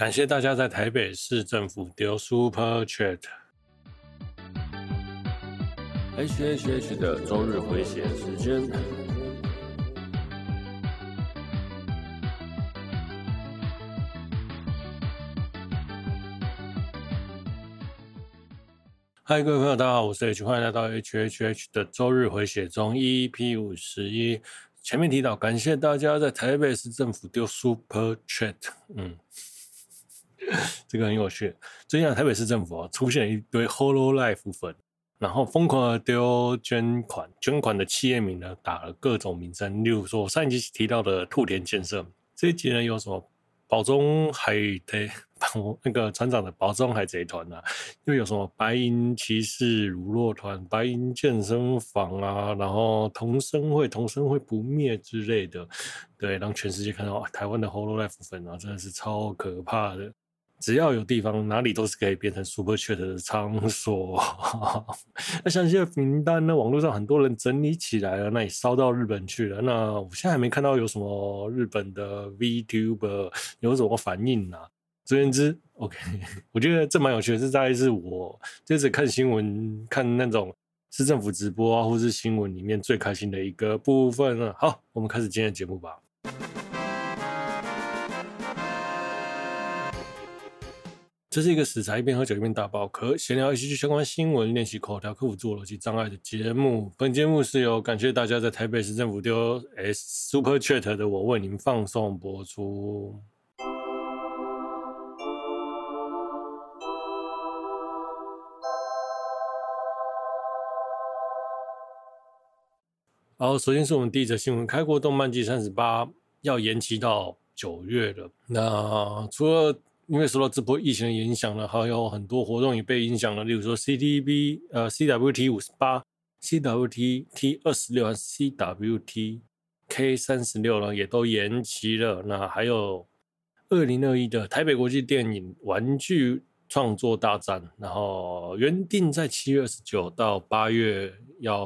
感謝大家在台北市政府丟 Super Chat。HHH 的週日回血時間。嗨， 各位朋友，大家好，我是 H，歡迎來到 HHH 的週日回血中 EP 51。前面提到，感謝大家在台北市政府丟 Super Chat。嗯。這個很有趣。最近台北市政府啊，出現了一堆 Hollow Life 粉，然後瘋狂地丟捐款，捐款的企業名呢打了各種名稱，例如說我上一期提到的兔田建設，這一集呢有什麼寶中海賊那個船長的寶中海賊團啊，又有什麼白銀騎士乳酪團、白銀健身房啊，然後同生會、同生會不滅之類的，對，讓全世界看到、啊、台灣的 Hollow Life 粉啊，真的是超可怕的。只要有地方，哪裡都是可以變成 Super Chat 的場所。 那像這些名單呢，網絡上很多人整理起來了，那也燒到日本去了。那我現在還沒看到有什麼日本的 VTuber 有什麼反應呢、啊？總言之，OK，我覺得這蠻有趣的，實在是我這次看新聞、看那種市政府直播啊，或是新聞裡面最開心的一個部分了。好，我們開始今天的節目吧。這是一個死宅一邊喝酒一邊打爆課，閒聊、一起追相關新聞、練習口條、克服自我及障礙的節目。本節目是由感謝大家在台北市政府丟 s Super Chat 的我為您放送播出。 好，首先是我們第一則新聞：開國動漫季三十八要延期到九月了。那除了因為受到這波疫情的影響呢，還有很多活動也被影響了。例如說，CTB、呃，CWT 五十八、CWTT 二十六，還是 CWTK 三十六呢，也都延期了。那還有二零二一的台北國際電影玩具創作大展，然後原定在七月二十九到八月要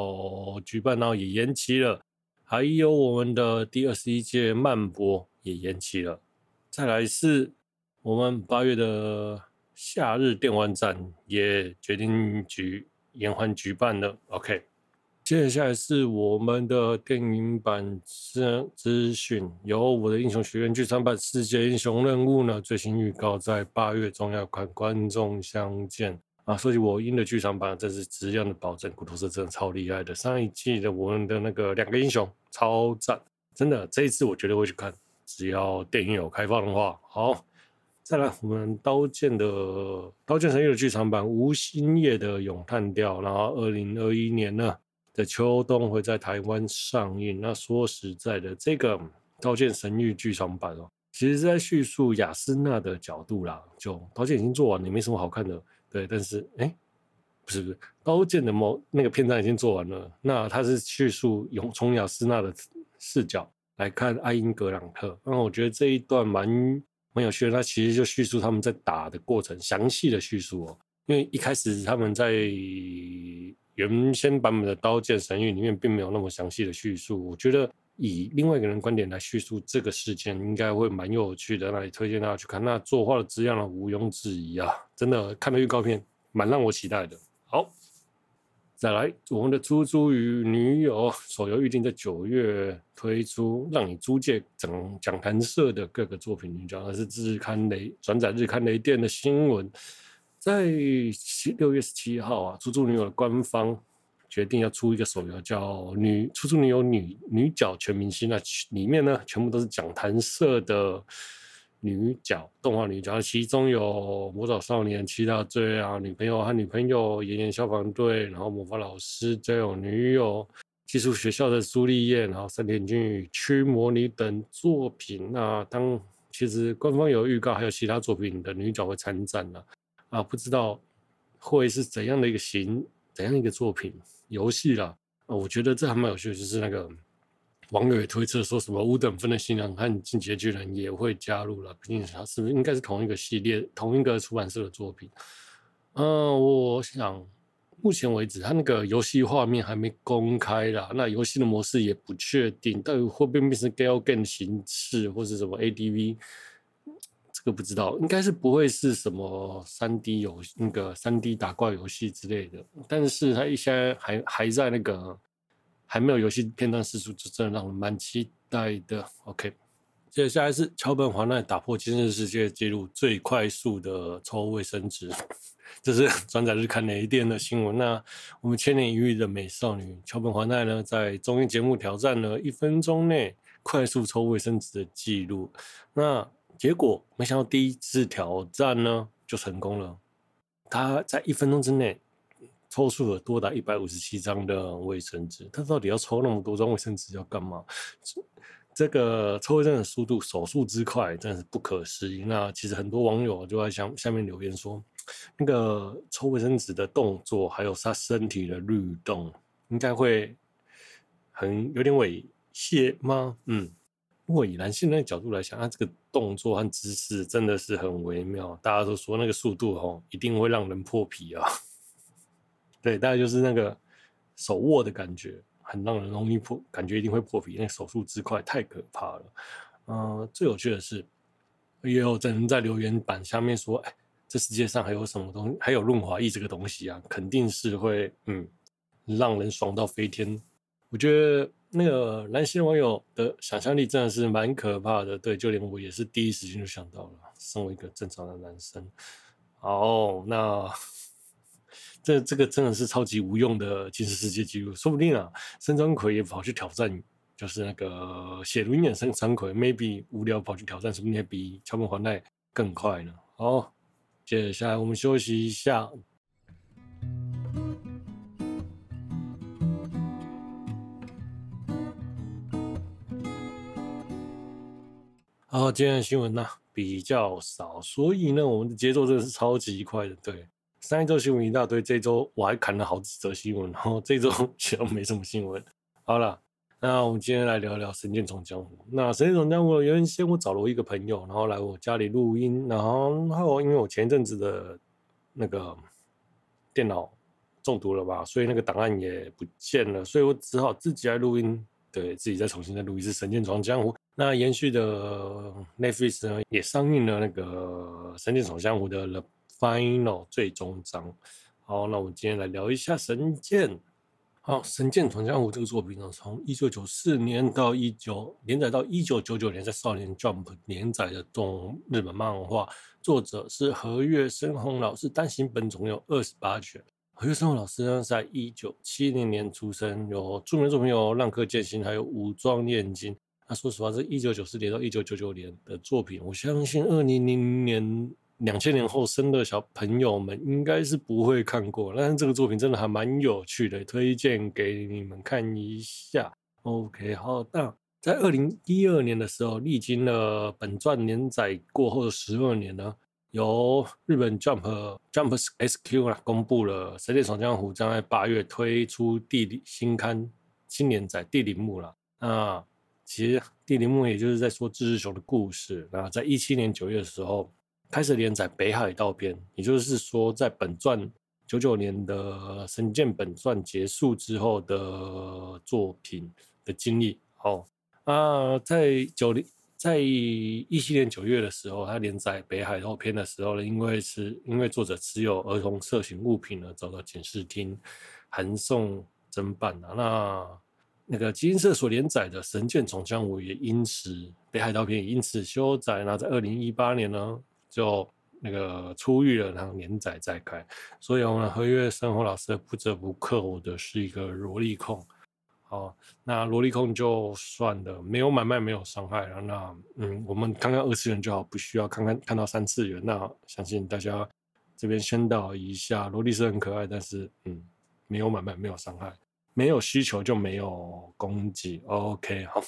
舉辦，然後也延期了。還有我們的第二十一屆漫博也延期了。再來是，我們八月的夏日電玩展也決定舉延緩舉辦了。OK，接下來是我們的電影版資資訊，由我的英雄學院劇場版世界英雄任務呢，最新預告在八月中要看觀眾相見啊！說起，我英的劇場版真是質量的保證，骨頭社真的超厲害的。上一季的我們的那個兩個英雄超讚，真的，這一次我絕對會去看，只要電影有開放的話，好。再來，我們刀劍《刀劍的刀劍神域》的劇場版《無星夜的詠嘆調》，然後二零二一年呢，在秋冬會在台灣上映。那說實在的，這個《刀劍神域》劇場版哦，其實在敘述雅斯娜的角度啦，就刀劍已經做完了，也沒什麼好看的。對，但是哎，不是不是，刀劍的某那個片段已經做完了，那他是敘述從雅斯娜的視角來看愛因格朗特。那我覺得這一段蠻。很有趣，那其實就敘述他們在打的過程，詳細的敘述哦、啊。因為一開始他們在原先版本的《刀劍神域》裡面並沒有那麼詳細的敘述，我覺得以另外一個人觀點來敘述這個事件，應該會蠻有趣的。那裡推薦大家去看。那作畫的質量呢，毋庸置疑啊，真的看了預告片，蠻讓我期待的。再來，我們的《出租與女友》手遊預定在九月推出，讓你租借整講，講談社的各個作品。你知道，那是日刊雷轉載日刊雷電的新聞，在六月十七號啊，《出租女友》官方決定要出一個手遊叫，叫《女出租女友女女角全明星》。那裡面呢，全部都是講談社的。女角，動畫女角，其中有魔導少年、七大罪啊，女朋友和女朋友、炎炎消防隊，然後魔法老師，再有女友、寄宿學校的茱麗葉，然後三田俊宇，驅魔女等作品。啊，當其實官方有預告，還有其他作品的女角會參戰了啊，啊，不知道會是怎樣的一個形、怎樣一個作品遊戲啦，啊，我覺得這還蠻有趣，就是那個。網友也推測說什麼五等分的新娘和進階巨人也會加入了，畢竟它是不是應該是同一個系列、同一個出版社的作品？嗯、呃，我想目前為止，他那個遊戲畫面還沒公開啦。那遊戲的模式也不確定，到底會不會變成 gal game 的形式，或是什麼 ADV，這個不知道，應該是不會是什麼三 D 有那個三 D 打怪遊戲之類的，但是他現在還還在那個。還沒有遊戲片段釋出，就真的讓我蠻期待的。OK，接下來是橋本環奈打破金氏世界的紀錄，最快速的抽衛生紙。這是轉載日刊雷電的新聞。那我們千年一遇的美少女橋本環奈呢，在綜藝節目挑戰了一分鐘內快速抽衛生紙的記錄。那結果沒想到第一次挑戰呢，就成功了，她在一分鐘之內。抽出了多達一百五十七張的衛生紙，他到底要抽那麼多張衛生紙要幹嘛？這這個抽衛生紙的速度，手速之快真是不可思議。那其實很多網友就在下下面留言說，那個抽衛生紙的動作，還有他身體的律動，應該會很有點猥褻嗎？嗯，不過以男性的角度來想，他這個動作和姿勢真的是很微妙。大家都說那個速度哦，一定會讓人破皮啊。對，大概就是那個手握的感覺，很讓人容易破，感覺一定會破皮，那手速之快太可怕了。嗯、呃，最有趣的是，也有人在留言板下面說：“哎，這世界上還有什麼東西？還有潤滑液這個東西啊？肯定是會嗯，讓人爽到飛天。”我覺得那個男性網友的想象力真的是蠻可怕的。對，就連我也是第一時間就想到了。身為一個正常的男生，好，那。這這個真的是超級無用的金氏世界紀錄，說不定啊，森川葵也跑去挑戰，就是那個寫輪眼森川葵，maybe 無聊跑去挑戰，說不定也比橋本環奈更快呢。好，接下來我們休息一下。好，今天的新聞呢、啊、比較少，所以呢，我們的節奏真的是超級快的，對。上一周新聞一大堆，這周我還看了好幾則新聞，然後這周其實沒什麼新聞。 好了，那我們今天來聊一聊《神劍闖江湖》。那《神劍闖江湖》原先我找了我一個朋友，然後來我家裡錄音，然後，後來因為我前一陣子的那個電腦中毒了吧，所以那個檔案也不見了，所以我只好自己來錄音，對，自己再重新再錄一次是《神劍闖江湖》。那延續的 Netflix 呢，也上映了那個《神劍闖江湖》的。Final 最終章。好，那我們今天來聊一下神劍《神劍》。好，《神劍闖江湖》這個作品呢，從一九九四年到一九連載到一九九九年，在《少年 Jump》連載的動日本漫畫。作者是和月伸宏老師。單行本總有二十八卷。和月伸宏老師呢，在一九七零年出生，有著名作品有《浪客劍心》，還有《武裝鍊金》。那、啊、說實話，是一九九四年到一九九九年的作品。我相信二零零零年。兩千年後生的小朋友們應該是不會看過，但是這個作品真的還蠻有趣的，推薦給你們看一下。OK，好的。在二零一二年的時候，歷經了本傳連載過後的十二年呢，由日本 Jump Jump SQ 啦公布了《神劍闖江湖》將在八月推出地理新刊《青年載地理木》了。那其實地理木也就是在說志志雄的故事。那在一七年九月的時候。開始連載北海道篇，也就是說，在本傳九九年的《神劍本傳》結束之後的作品的經歷。啊、哦呃，在九零在一七年九月的時候，他連載北海道篇的時候呢，因為是因為作者持有兒童色情物品而遭到警視廳函送偵辦了、啊。那那個集英社所連載的《神劍闖江湖》也因此北海道篇也因此休載。那在二零一八年呢？就那個出獄了，然後連載再開。所以我們的和月伸宏老師不折不扣的是一個蘿莉控好。那蘿莉控就算了，沒有買賣，沒有傷害了。那嗯，我們看看二次元就好，不需要看看看到三次元。那相信大家這邊宣導一下，蘿莉是很可愛，但是嗯，沒有買賣，沒有傷害，沒有需求就沒有攻擊。OK，好。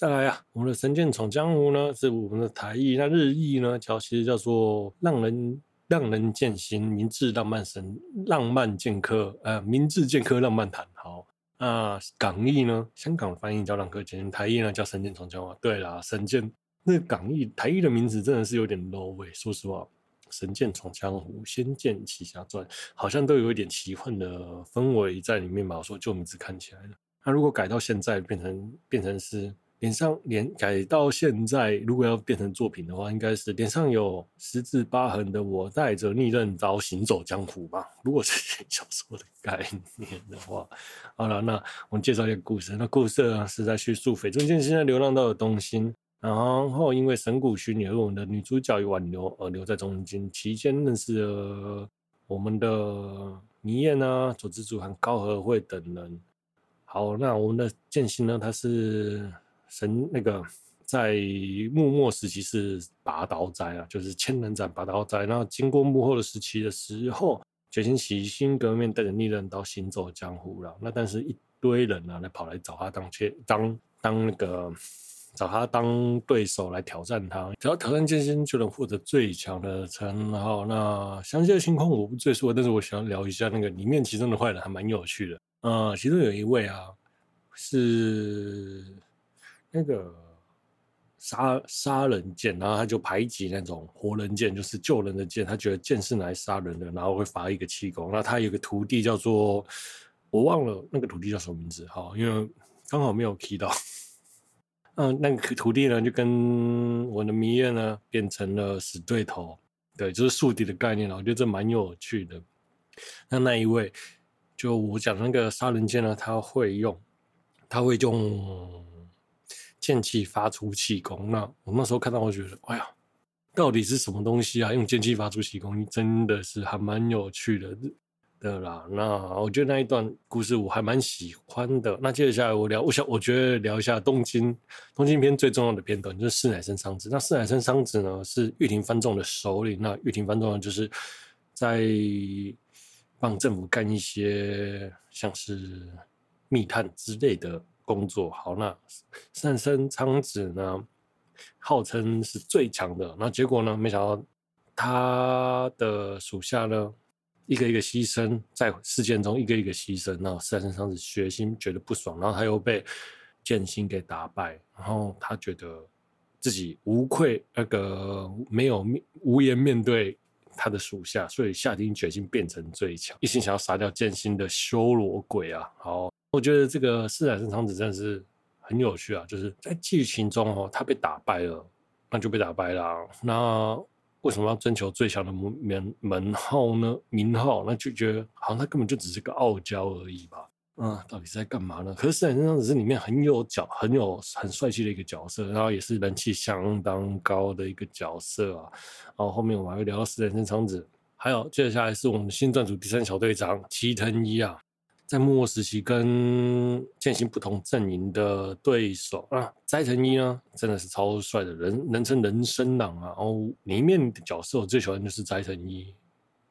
再來啊，我們的神劍闖江湖呢，是我們的台譯，那日譯呢叫，其實叫做浪人，浪人劍心，明治浪漫神、浪漫劍客呃明治劍客浪漫譚，好，那港譯呢，香港翻譯叫浪客劍心，台譯呢叫神劍闖江湖。對啦，神劍那港譯台譯的名字真的是有點 low 哎，說實話，神劍闖江湖、仙劍奇俠傳好像都有一點奇幻的氛圍在裡面嘛，我說就名字看起來了。那如果改到現在變成變成是。臉上臉改到現在，如果要變成作品的話，應該是臉上有十字疤痕的我，帶着逆刃刀行走江湖吧。如果這是小說的概念的話，好了，那我們介紹一下故事。那故事是在敘述緋村劍心流浪到東京，然後因為神谷薰也和我們的女主角，以挽留而留在中間期間認識了我們的彌彥吶、啊、佐之助和高荷惠等人。好，那我們的劍心呢？他是。神那個在幕末時期是拔刀齋啊，就是千人斬拔刀齋。那經過幕後的時期的時候，決心洗心革面，帶着逆刃刀行走江湖了。那但是，一堆人啊來跑來找他當切當當那個找他當對手來挑戰他，只要挑戰劍心就能獲得最強的稱號。那詳細的情況我不贅述，但是我想要聊一下那個裡面其中的壞人還蠻有趣的。呃，其中有一位啊是。那個殺殺人劍，然後他就排擠那種活人劍，就是救人的劍。他覺得劍是拿來殺人的，然後會發一個氣功。那他有個徒弟叫做，我忘了那個徒弟叫什麼名字哈，因為剛好沒有提到。嗯，那個徒弟呢，就跟我的迷戀呢，變成了死對頭。對，就是宿敵的概念了。我覺得這蠻有趣的。那那一位，就我講那個殺人劍呢，他會用，他會用。劍氣發出氣功，那我那時候看到，我覺得，哎呀，到底是什麼東西啊？用劍氣發出氣功，真的是還蠻有趣的的啦。那我覺得那一段故事我還蠻喜歡的。那接下來我聊，我想我覺得聊一下東京東京篇最重要的片段就是四乃森蒼紫。那四乃森蒼紫呢，是御庭番眾的首領。那御庭番眾呢，就是在幫政府幹一些像是密探之類的，工作好。那四乃森蒼紫呢？號稱是最強的，那結果呢？沒想到他的屬下呢，一個一個犧牲在事件中，一個一個犧牲。然後四乃森蒼紫決心覺得不爽，然後他又被劍心給打敗，然後他覺得自己無愧那個沒有無顏面對他的屬下，所以下定決心變成最強，一心想要殺掉劍心的修羅鬼啊！好。我覺得這個四乃森蒼紫真的是很有趣啊！就是在劇情中哦，他被打敗了，那就被打敗了啊。那為什麼要徵求最強的門門號呢？名號那就覺得好像他根本就只是個傲嬌而已吧？嗯，到底是在幹嘛呢？可是四乃森蒼紫是裡面很有角、很有很帥氣的一個角色，然後也是人氣相當高的一個角色啊。然後後面我們還會聊到四乃森蒼紫，還有接下來是我們新撰組第三小隊長齊藤一啊。在幕末時期跟劍心不同陣營的對手啊，齋藤一呢，真的是超帥的人，人稱人生郎啊。哦，裡面的角色我最喜歡就是齋藤一，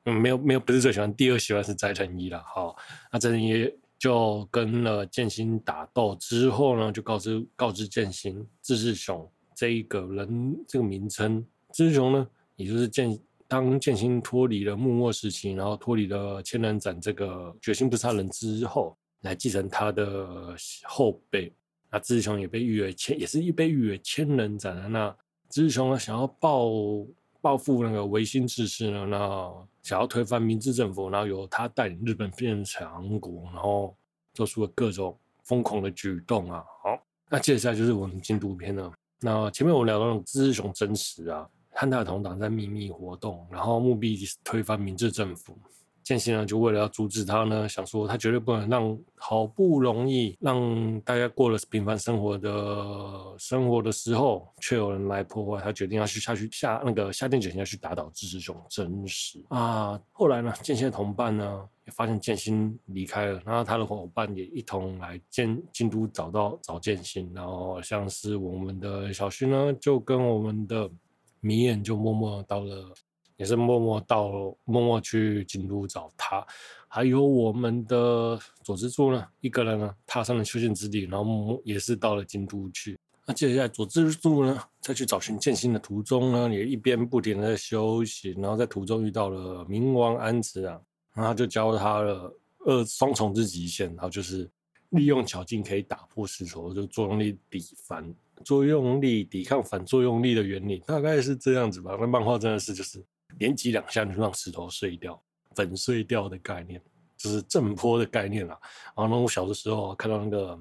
嗯，沒有沒有不是最喜歡，第二喜歡是齋藤一了。好，那齋藤一就跟了劍心打鬥之後呢，就告知告知劍心，志志雄這一個人這個名稱，志志雄呢，也就是劍。當劍心脫離了幕末時期，然後脫離了千人斬這個決心不殺人之後，來繼承他的後輩。那志志雄也被譽為千，也是一被譽為千人斬的。那志志雄呢，想要報報復那個維新志士呢，那想要推翻明治政府，然後由他帶領日本變成強國，然後做出了各種瘋狂的舉動啊。好，那接下來就是我們京都篇了。那前面我們聊到志志雄真實啊。他的同黨在秘密活動，然後目的是推翻明治政府。劍心呢，就為了要阻止他呢，想說他絕對不能讓好不容易讓大家過了平凡生活的生活的時候，卻有人來破壞。他決定要去下去下那個下定決心要去打倒志志雄真實啊。後來呢，劍心的同伴呢也發現劍心離開了，然後他的夥伴也一同來進京都找到找劍心。然後像是我們的小薰呢，就跟我們的。彌彥就默默到了，也是默默到默默去京都找他。還有我們的左之助呢，一個人呢踏上了修行之地，然後默默也是到了京都去。那、啊、接下來左之助呢，在去找尋劍心的途中呢，也一邊不停的休息，然後在途中遇到了冥王安慈啊，然後就教了他了二雙重之極限，然後就是利用巧勁可以打破石頭，就作用力抵翻，作用力抵抗反作用力的原理大概是這樣子吧。那漫畫真的是就是連擊兩下就讓石頭碎掉、粉碎掉的概念，就是震波的概念啊。然後那我小的時候看到那個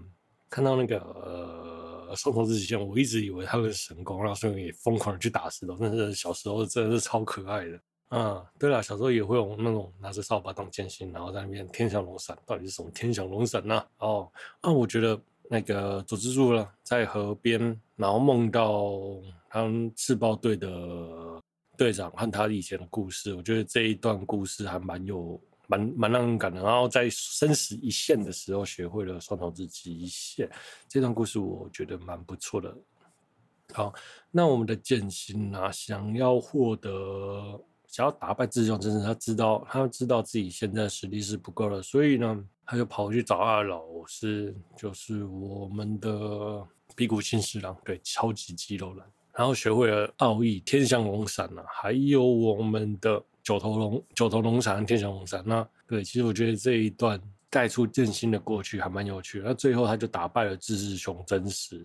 看到那個呃，土龍閃，我一直以為他是神功，讓鬆土也瘋狂的去打石頭。但是小時候真的是超可愛的。嗯，對啦，小時候也會有那種拿着掃把當劍心，然後在那邊天翔龍閃，到底是什麼天翔龍閃吶，哦，那、啊、我覺得。那個佐之助了，在河邊，然後夢到他們赤報隊的隊長和他以前的故事。我覺得這一段故事還蠻有、蠻蠻讓人感動，然後在生死一線的時候，學會了雙重之極一線。這段故事我覺得蠻不錯的。好，那我們的劍心啊，想要獲得、想要打敗志志雄真實，他知道，他知道自己現在實力是不夠了，所以呢。他就跑去找二老師，就是我們的比古清十郎，對，超級肌肉男，然後學會了奧義天翔龍閃了，還有我們的九頭龍、九頭龍閃、天翔龍閃。那對，其實我覺得這一段帶出劍心的過去還蠻有趣。那最後他就打敗了志志雄真實。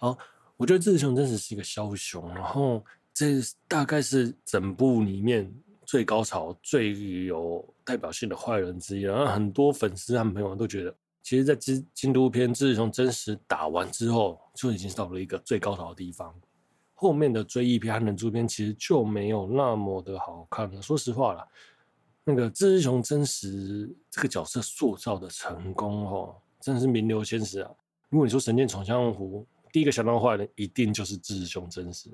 然後我覺得志志雄真實是一個梟雄，然後這大概是整部裡面。最高潮、最有代表性的壞人之一、啊，然後很多粉絲和朋友們都覺得，其實，在京都篇志志雄真實打完之後，就已經到了一個最高潮的地方。後面的追憶篇和人誅篇其實就沒有那麼的好看了。說實話啦，那個志志雄真實這個角色塑造的成功，哦，真的是名留青史啊！如果你說《神劍闖江湖》，第一個想到壞人一定就是志志雄真實，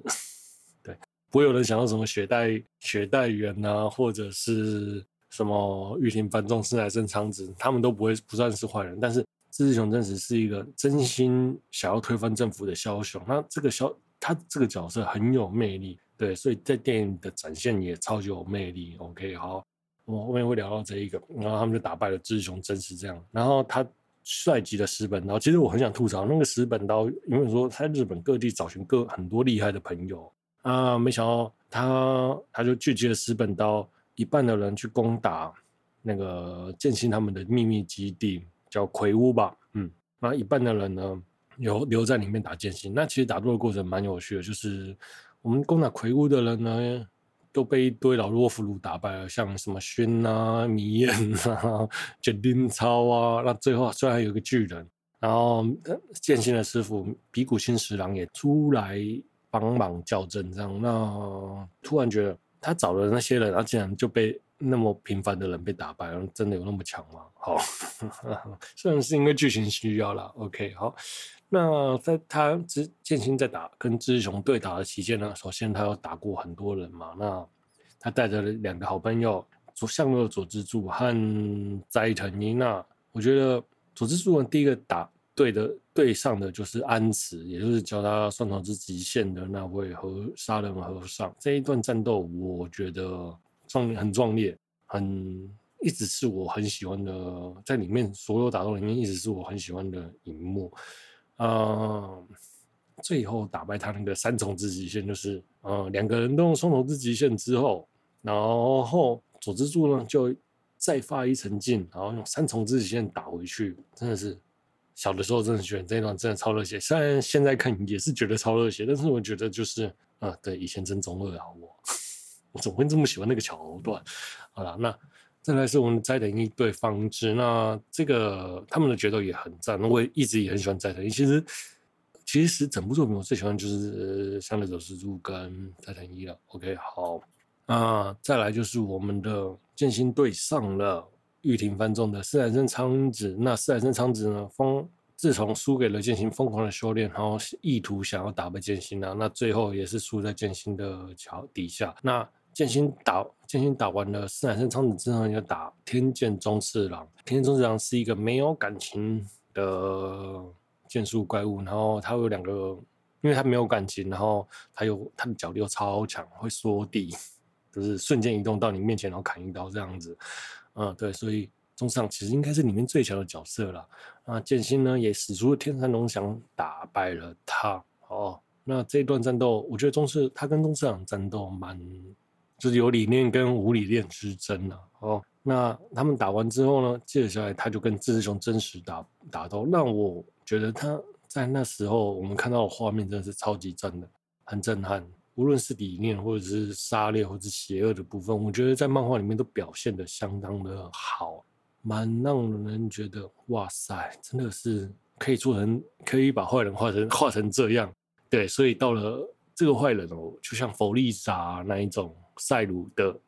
對。不會有人想要什麼雪代、雪代緣吶、啊，或者是什麼御庭番眾、四乃森蒼紫，他們都不會不算是壞人。但是志志雄真實是一個真心想要推翻政府的梟雄，那這個梟他這個角色很有魅力，對，所以在電影的展現也超級有魅力。OK，好，我後面會聊到這一個，然後他們就打敗了志志雄真實這樣，然後他帥極的十本刀，其實我很想吐槽那個十本刀，因為說他在日本各地找尋各很多厲害的朋友。啊，沒想到他他就聚集了十本刀一半的人去攻打那個劍心他們的秘密基地，叫葵屋吧，嗯，那一半的人呢，留留在裡面打劍心。那其實打鬥的過程蠻有趣的，就是我們攻打葵屋的人呢，都被一堆老弱婦孺打敗了，像什麼薰啊、彌彥啊、卷町操啊，那最後雖然還有一個巨人，然後劍心的師傅比古清十郎也出來。幫忙校正這樣，那突然覺得他找了那些人，他、啊、竟然就被那麼平凡的人被打敗，真的有那麼強嗎？好，雖然是因為劇情需要啦。OK，好，那在他之劍心在打跟志雄對打的期間呢，首先他要打過很多人嘛，那他帶着兩個好朋友左相樂左之助和齋藤一娜。我覺得左之助的第一個打。對的，對上的就是安慈，也就是教他雙重之極限的那位和殺人和尚。這一段戰鬥，我覺得壯很壯烈，很一直是我很喜歡的，在裡面所有打鬥裡面，一直是我很喜歡的螢幕、呃。最後打敗他那個三重之極限，就是嗯、呃、兩個人都用雙重之極限之後，然後左之助呢就再發一層勁，然後用三重之極限打回去，真的是。小的時候真的喜歡這一段真的超熱血，雖然現在看也是覺得超熱血，但是我覺得就是，啊，對，以前真中二啊，我我怎麼會這麼喜歡那個橋段？好了，那再來是我們齋藤一對方之，那這個他們的決鬥也很讚，我也一直也很喜歡齋藤一。其實其實整部作品我最喜歡就是相樂左之助跟齋藤一了。OK，好，啊，再來就是我們的劍心對上了。御庭番眾的四乃森蒼紫，那四乃森蒼紫呢？瘋自從輸給了劍心，瘋狂的修煉，然後意圖想要打敗劍心呢、啊？那最後也是輸在劍心的橋底下。那劍心打劍心打完了，四乃森蒼紫之後要打天劍宗次郎。天劍宗次郎是一個沒有感情的劍術怪物，然後他有兩個，因為他沒有感情，然後他又他的腳力又超強，會縮地，就是瞬間移動到你面前，然後砍一刀這樣子。啊、嗯，對，所以宗次郎其實應該是裡面最強的角色了。那劍心呢，也使出了天翔龍閃打敗了他。哦，那這一段戰鬥，我覺得宗次他跟宗次郎戰鬥蠻就是有理念跟無理念之爭了、啊。哦，那他們打完之後呢，接下來他就跟志志雄真實打打鬥，讓我覺得他在那時候我們看到的畫面真的是超級真的，很震撼。無論是理念，或者是殺戮，或者是邪惡的部分，我覺得在漫畫裡面都表現得相當的好，蠻讓人覺得，哇塞，真的是可以做成，可以把壞人畫成畫成這樣，對，所以到了這個壞人哦，就像弗利薩那一種賽魯的，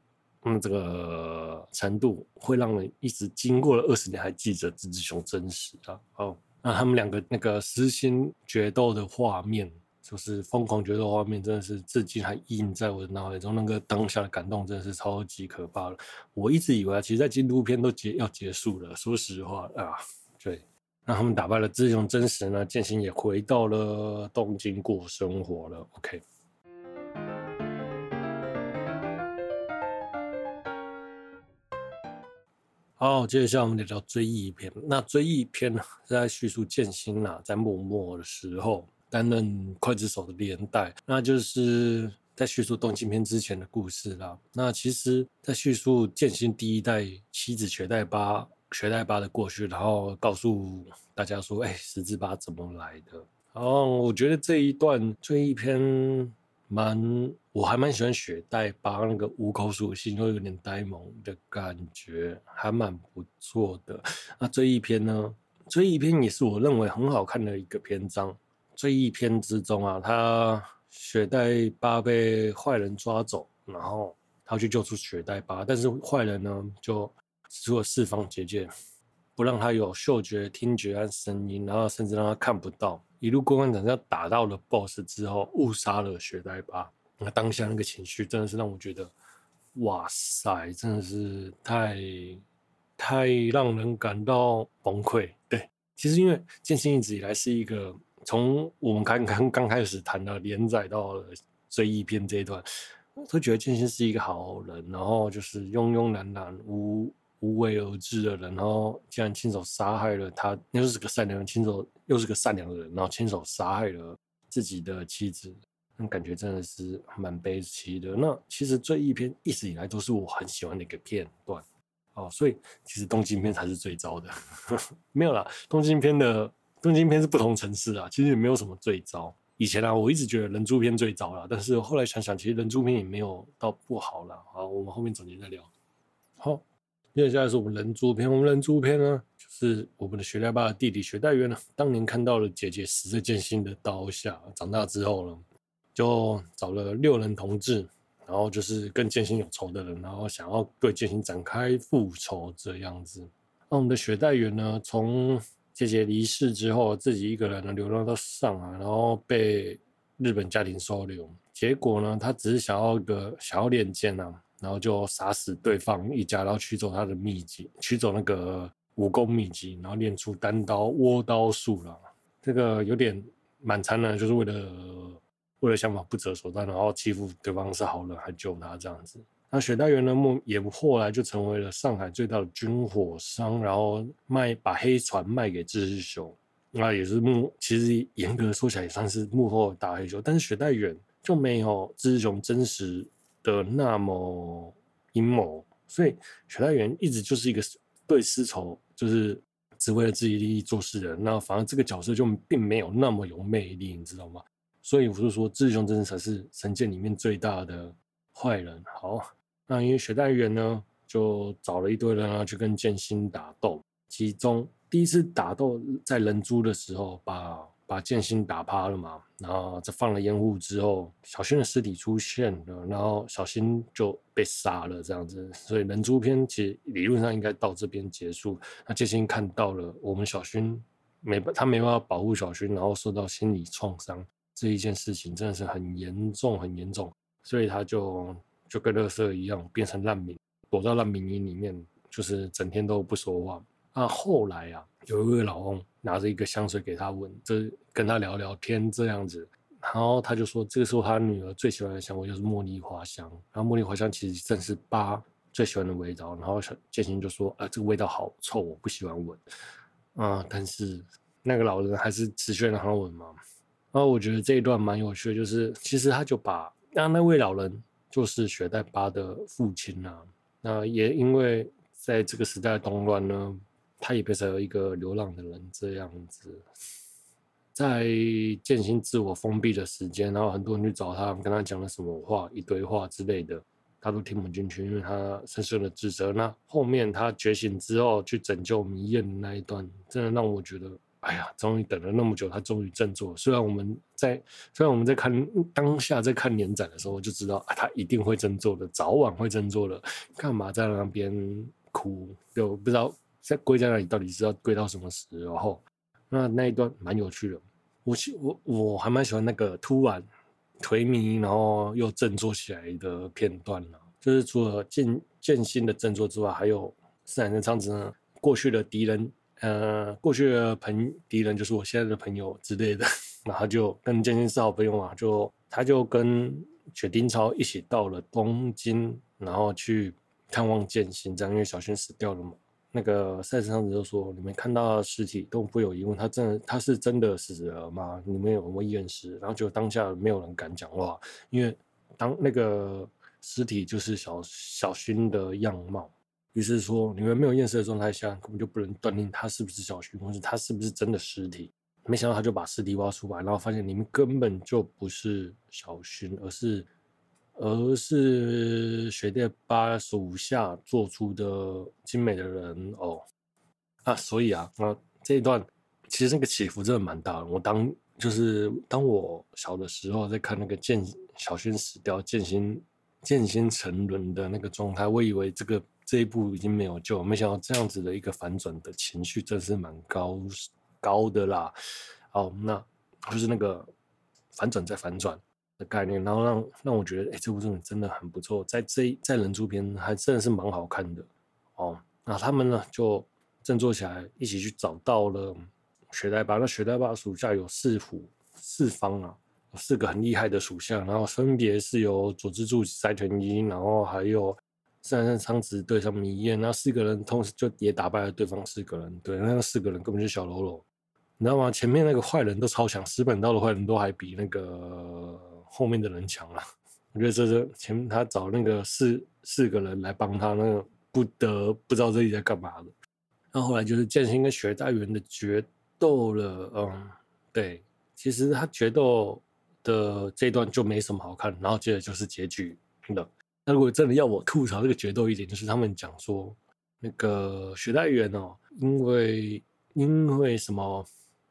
嗯，這個程度會讓人一直經過了二十年還記着這只熊真實的哦，那他們兩個那個實心決鬥的畫面。就是瘋狂角色畫面，真的是至今還印在我的腦海中。那個當下的感動，真的是超級可怕了。我一直以為其實，在京都篇都結要結束了。說實話啊，對，那他們打敗了志雄、真實，呢，劍心也回到了東京過生活了。OK。好，接下來我們聊聊追憶篇。那追憶篇呢，在敘述劍心啊，在默默的時候。擔任劊子手的年代，那就是在敘述東京篇之前的故事啦。那其實，在敘述劍心第一代妻子雪代巴，雪代巴的過去，然後告訴大家說：“哎、欸，十字疤怎麼來的？”哦，我覺得這一段這一篇蠻，我還蠻喜歡雪代巴那個無口屬性，會有點呆萌的感覺，還蠻不錯的。那這一篇呢，這一篇也是我認為很好看的一個篇章。追憶篇之中啊，他雪代巴被壞人抓走，然後他去救出雪代巴，但是壞人呢就使出了四方結界，不讓他有嗅覺、聽覺和聲音，然後甚至讓他看不到。一路過關斬將，打到了 BOSS 之後，誤殺了雪代巴。那、嗯、當下那個情緒真的是讓我覺得，哇塞，真的是太太讓人感到崩潰。對，其實因為劍心一直以來是一個。從我們剛剛剛開始談到連載到了追憶篇這一段，我都覺得劍心是一個好人，然後就是庸庸懶懶、無無為而治的人，然後竟然親手殺害了他，又是個善良人，親手又是個善良的人，然後親手殺害了自己的妻子，那感覺真的是蠻悲淒的。那其實追憶篇一直以來都是我很喜歡的一個片段哦，所以其實東京篇才是最糟的呵呵，沒有啦，東京篇的。東京篇是不同層次啊，其實也沒有什麼最糟。以前啊，我一直覺得人誅篇最糟了，但是後來想想，其實人誅篇也沒有到不好了。好，我們後面總結再聊。好，接着下來是我們人誅篇。我們人誅篇呢，就是我們的雪代巴的弟弟雪代緣呢，當年看到了姐姐死在劍心的刀下，長大之後呢，就找了六人同志，然後就是跟劍心有仇的人，然後想要對劍心展開復仇這樣子。那我們的雪代緣呢，從姐姐離世之後，自己一個人呢，流浪到上海，然後被日本家庭收留。結果呢，他只是想要一個，想要練劍吶，啊，然後就殺死對方一家，然後取走他的秘籍，取走那個武功秘籍，然後練出單刀倭刀術了。這個有點蠻殘的，就是為了為了想法不擇手段，然後欺負對方是好人還救他這樣子。那雪代緣呢，幕也後來就成為了上海最大的軍火商，然後賣把黑船賣給志志雄，那也是幕，其實嚴格說起來也算是幕後打黑手，但是雪代緣就沒有志志雄真實的那麼陰謀，所以雪代緣一直就是一個對絲綢，就是只為了自己利益做事的人，那反而這個角色就並沒有那麼有魅力，你知道嗎？所以我就說志志雄真實才是神劍裡面最大的壞人，好。那因為雪代緣呢，就找了一堆人啊去跟劍心打鬥。其中第一次打鬥在人誅的時候把，把把劍心打趴了嘛。然後再放了煙霧之後，小薰的屍體出現了，然後小薰就被殺了這樣子。所以人誅篇其實理論上應該到這邊結束。那劍心看到了我們小薰沒他沒辦法保護小薰，然後受到心理創傷這一件事情真的是很嚴重很嚴重，所以他就。就跟垃圾一樣變成難民，躲在難民營裡面，就是整天都不說話。那、啊、後來啊，有一位老翁拿着一個香水給他聞，這跟他聊聊天這樣子，然後他就說，這個時候他女兒最喜歡的香味就是茉莉花香。然後茉莉花香其實正是巴最喜歡的味道。然後劍心就說：“啊、呃，這個味道好臭，我不喜歡聞。”啊，但是那個老人還是持續讓他聞嘛。然後我覺得這一段蠻有趣的，就是其實他就把讓、啊、那位老人。就是雪代巴的父親啊，那也因為在這個時代動亂呢，他也變成一個流浪的人這樣子，在進行自我封閉的時間，然後很多人去找他，跟他講了什麼話，一堆話之類的，他都聽不進去，因為他深深的自責。那後面他覺醒之後去拯救彌彥的那一段，真的讓我覺得。哎呀，終於等了那麼久，他終於振作了。雖然我們在雖然我們在看當下在看連載的時候，就知道、啊、他一定會振作的，早晚會振作的。幹嘛在那邊哭？就不知道在跪在那裡到底是要跪到什麼時候？那那一段蠻有趣的。我我我還蠻喜歡那個突然頹靡，然後又振作起來的片段呢、啊，就是除了劍劍心的振作之外，還有四乃森蒼紫過去的敵人。呃，過去的朋敵人就是我現在的朋友之類的，然後就跟劍心是好朋友嘛，就他就跟雪丁超一起到了東京，然後去探望劍心，這樣，因為小薰死掉了嘛。那個賽斯桑就說：“你們看到屍體都不有疑問，他真的他是真的死了嗎？你們有沒有驗屍？”然後就當下沒有人敢講話，因為當那個屍體就是小小薰的樣貌。於是說，你們沒有驗屍的狀態下，根本就不能斷定他是不是小薰，或是他是不是真的屍體。沒想到他就把屍體挖出來，然後發現裡面根本就不是小薰，而是而是雪代巴手下做出的精美的人偶、哦、啊！所以啊，那、啊、這一段其實那個起伏真的蠻大的。我當就是當我小的時候在看那個劍小薰死掉，劍心劍心沉淪的那個狀態，我以為這個。這一部已經沒有救，沒想到這樣子的一個反轉的情緒真是蠻高高的啦。好，那就是那個反轉再反轉的概念，然後讓讓我覺得，哎、欸，這部作品真的很不錯，在這一在人誅篇還真的是蠻好看的哦。那他們呢就振作起來，一起去找到了雪代巴。那雪代巴屬下有四虎四方啊，四個很厲害的屬下，然後分別是由佐助、三田一，然後還有。站在昌直對上迷煙，那四個人同時就也打敗了對方四個人，對，那四個人根本就小嘍囉，你知道嗎？前面那個壞人都超強，十本刀的壞人都還比那個後面的人強啊。我覺得這是前面他找那個四四個人來幫他，那個，不得不知道自己在幹嘛的。然後後來就是劍心跟雪代緣的決鬥了，嗯，對，其實他決鬥的這段就沒什麼好看，然後接着就是結局了，真的。那如果真的要我吐槽這個決鬥一點，就是他們講說，那個雪代緣哦，因為因為什麼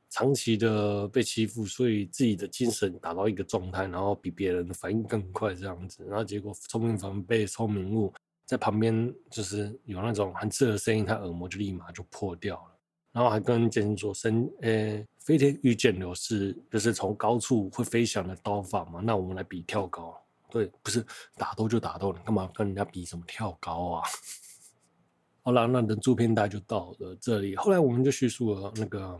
長期的被欺負，所以自己的精神達到一個狀態，然後比別人的反應更快這樣子，然後結果聰明反被聰明誤，在旁邊就是有那種很刺耳的聲音，他耳膜就立馬就破掉了，然後還跟劍心說誒，飛天御劍流是就是從高處會飛翔的刀法嘛，那我們來比跳高。對，不是打鬥就打鬥，你幹嘛跟人家比什麼跳高啊？好啦，那的足片帶就到了這裡。後來我們就敘述了那個，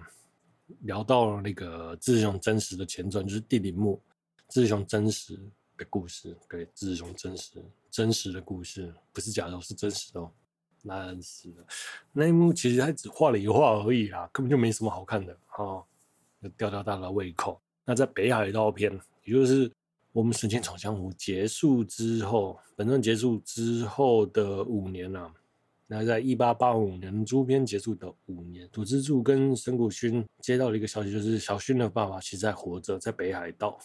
聊到了那個志志雄真實的前傳，就是第零幕志志雄真實的故事。對，志志雄真實真實的故事，不是假的哦，是真實的哦。那是那一幕其實還只畫了一畫而已啦、啊，根本就沒什麼好看的啊，吊、哦、吊大家的胃口。那在北海道篇，也就是。我們神劍闖江湖結束之後，本作結束之後的五年了、啊。那在1885年，周邊結束的五年，佐之助跟神谷薰接到了一個消息，就是小薰的爸爸其實還活着，在北海道。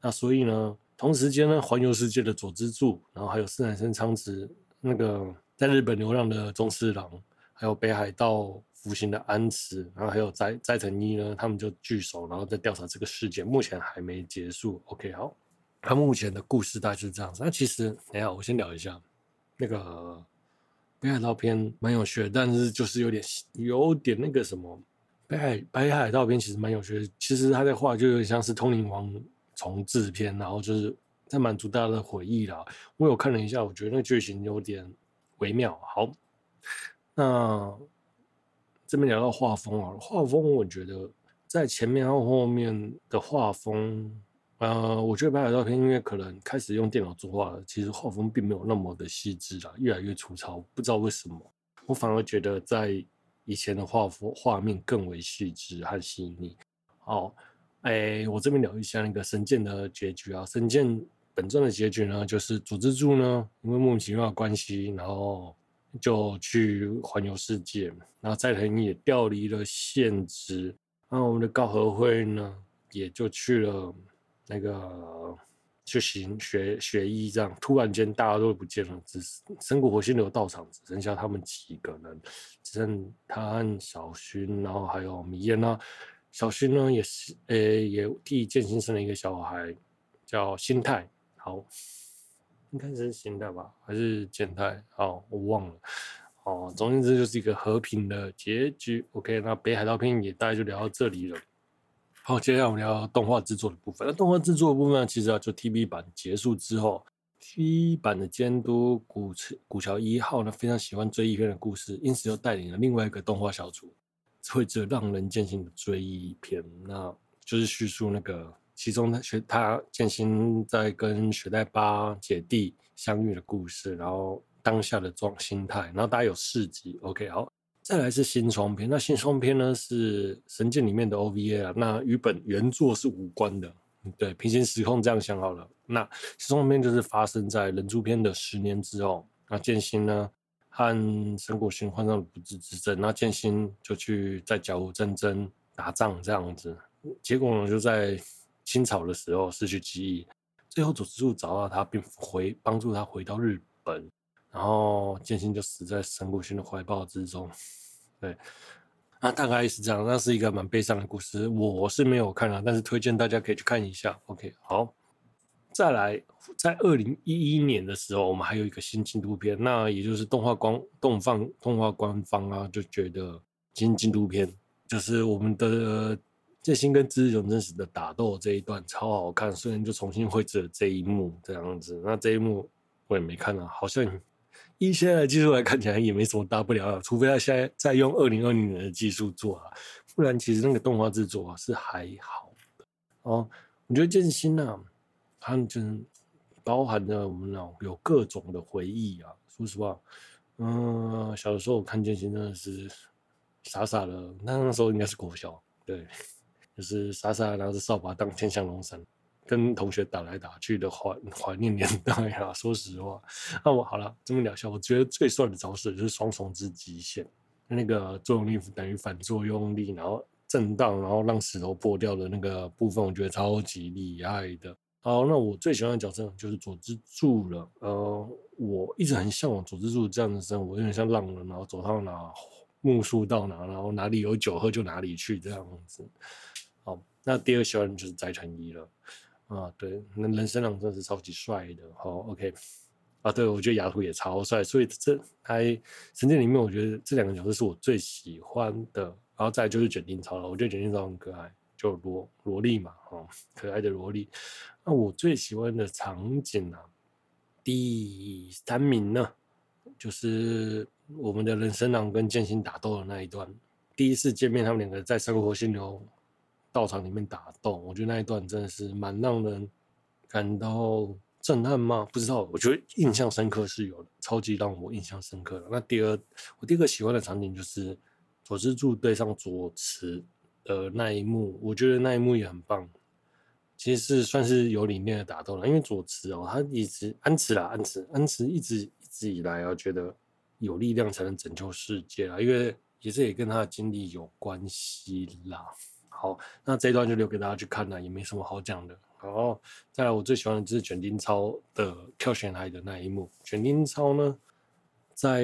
那所以呢，同時間呢，環遊世界的佐之助，然後還有四乃森蒼紫，那個在日本流浪的宗次郎，還有北海道服刑的安慈，然後還有齋齋藤一呢，他們就聚首，然後在調查這個事件，目前還沒結束。OK，好。他目前的故事大概就是這樣子，那其實等一下，我先聊一下那個北海道篇蠻有趣的，但是就是有點有點那個什麼北海北海道篇其實蠻有趣的，其實他在畫就有點像是《通靈王》重製篇，然後就是在滿足大家的回憶啦。我有看了一下，我覺得那個劇情有點微妙。好，那這邊聊到畫風啊，畫風我覺得在前面和後面的畫風。呃，我覺得拍的照片，因為可能開始用電腦作畫了，其實畫風並沒有那麼的細緻啊，越來越粗糙。不知道為什麼，我反而覺得在以前的畫風畫面更為細緻和細膩。好，哎，我這邊聊一下那個《神劍》的結局啊，《神劍》本傳的結局呢，就是左之助呢，因為莫名其妙的關係，然後就去環遊世界，然後齋藤也調離了現職，那我們的高荷惠呢，也就去了，那個去行學學醫，這樣突然間大家都不見了，只神谷活心流道場只剩下他們幾個人，只剩他和小薰，然後還有彌彥、啊。小薰呢也是，呃、欸，也替劍心生了一個小孩，叫心太，好，應該是心太吧，還是劍太，好，我忘了。哦，總之這就是一個和平的結局。OK，那北海道篇也大概就聊到這裡了。好，接下來我們聊動畫製作的部分。那動畫製作的部分呢，其實、啊、就 TV 版結束之後，T 版的監督古橋古橋一浩呢，非常喜歡《追憶篇》的故事，因此又帶領了另外一個動畫小組，繪製讓人劍心的《追憶篇》，那就是敘述那個其中學他劍心在跟雪代巴姐弟相遇的故事，然後當下的狀心態，然後大概有四集。OK，好。再來是星霜篇，那星霜篇呢是神劍裡面的 OVA 啊，那與本原作是無關的。對，平行時空這樣想好了。那星霜篇就是發生在人誅篇的十年之後。那劍心呢，和神谷薰患上不治之症，那劍心就去在甲午戰爭打仗這樣子，結果呢就在清朝的時候失去記憶，最後左之助找到他並回幫助他回到日本。然後劍心就死在神谷薰的懷抱之中，對，那大概是這樣。那是一個蠻悲傷的故事，我是沒有看啊，但是推薦大家可以去看一下。OK，好，再來，在二零一一年的時候，我們還有一個新京都篇，那也就是動畫官動放動畫官方啊就覺得新京都篇就是我們的劍心跟志志雄真實的打鬥這一段超好看，所以就重新繪制了這一幕這樣子。那這一幕我也沒看啊，好像。以現在的技術來看起來也沒什麼大不了，啊，除非他現在再用二零二零年的技術做啊，不然其實那個動畫制作，啊，是還好的。哦，我覺得劍心吶，它就是包含着我們那種有各種的回憶啊。說實話，嗯，小的時候我看劍心真的是傻傻的，那那時候應該是國小，對，就是傻傻拿着掃把當天翔龍閃。跟同學打來打去的懷懷念年代啊，說實話，那我好了，這麼聊一下，我覺得最帥的招式就是雙重之極限，那個作用力等於反作用力，然後震盪，然後讓石頭破掉的那個部分，我覺得超級厲害的。好，那我最喜歡的角色就是佐之助了，呃，我一直很向往佐之助這樣的生活，有點像浪人，然後走到哪，木蘇到哪，目到哪，然後哪裡有酒喝就哪裡去這樣子。好，那第二喜歡就是齋藤一了。啊，對，那壬生狼真的是超級帥的，好、嗯哦、，OK，啊，對，我覺得牙突也超帥，所以這還神劍裡面，我覺得這兩個角色是我最喜歡的，然後再就是卷町操了，我覺得卷町操很可愛，就蘿蘿莉嘛，哈、哦，可愛的蘿莉。那、啊、我最喜歡的場景呢、啊，第三名呢，就是我們的壬生狼跟劍心打鬥的那一段，第一次見面，他們兩個在神谷活心流。道場裡面打鬥，我覺得那一段真的是蠻讓人感到震撼嘛，不知道，我覺得印象深刻是有的，超級讓我印象深刻的。那第二，我第一個喜歡的場景就是佐之助對上佐慈的那一幕，我覺得那一幕也很棒。其實是算是有理念的打鬥了，因為佐慈哦、喔，他一直安慈啦，安慈安慈一直一直以來啊，覺得有力量才能拯救世界啊，因為其實也跟他的經歷有關係啦。好，那這一段就留給大家去看了，也沒什麼好講的。好，再來我最喜歡的就是卷町操的跳懸崖的那一幕。卷町操呢，在